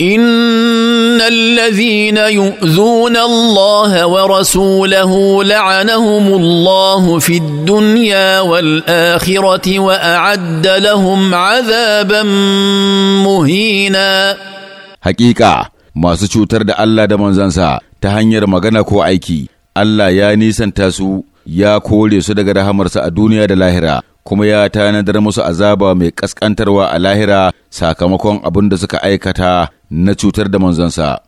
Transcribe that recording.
ان الذين يؤذون الله ورسوله لعنهم الله في الدنيا والاخره واعد لهم عذابا مهينا حقيقه masu cutar da Allah da manzansa ta hanyar magana ko aiki Allah ya nisanta su ya kore su daga rahamarsa a duniya da lahira kuma ya tanadar musu azaba mai kaskantarwa a lahira sakamakon abin da suka aikata na cutar da manzansa.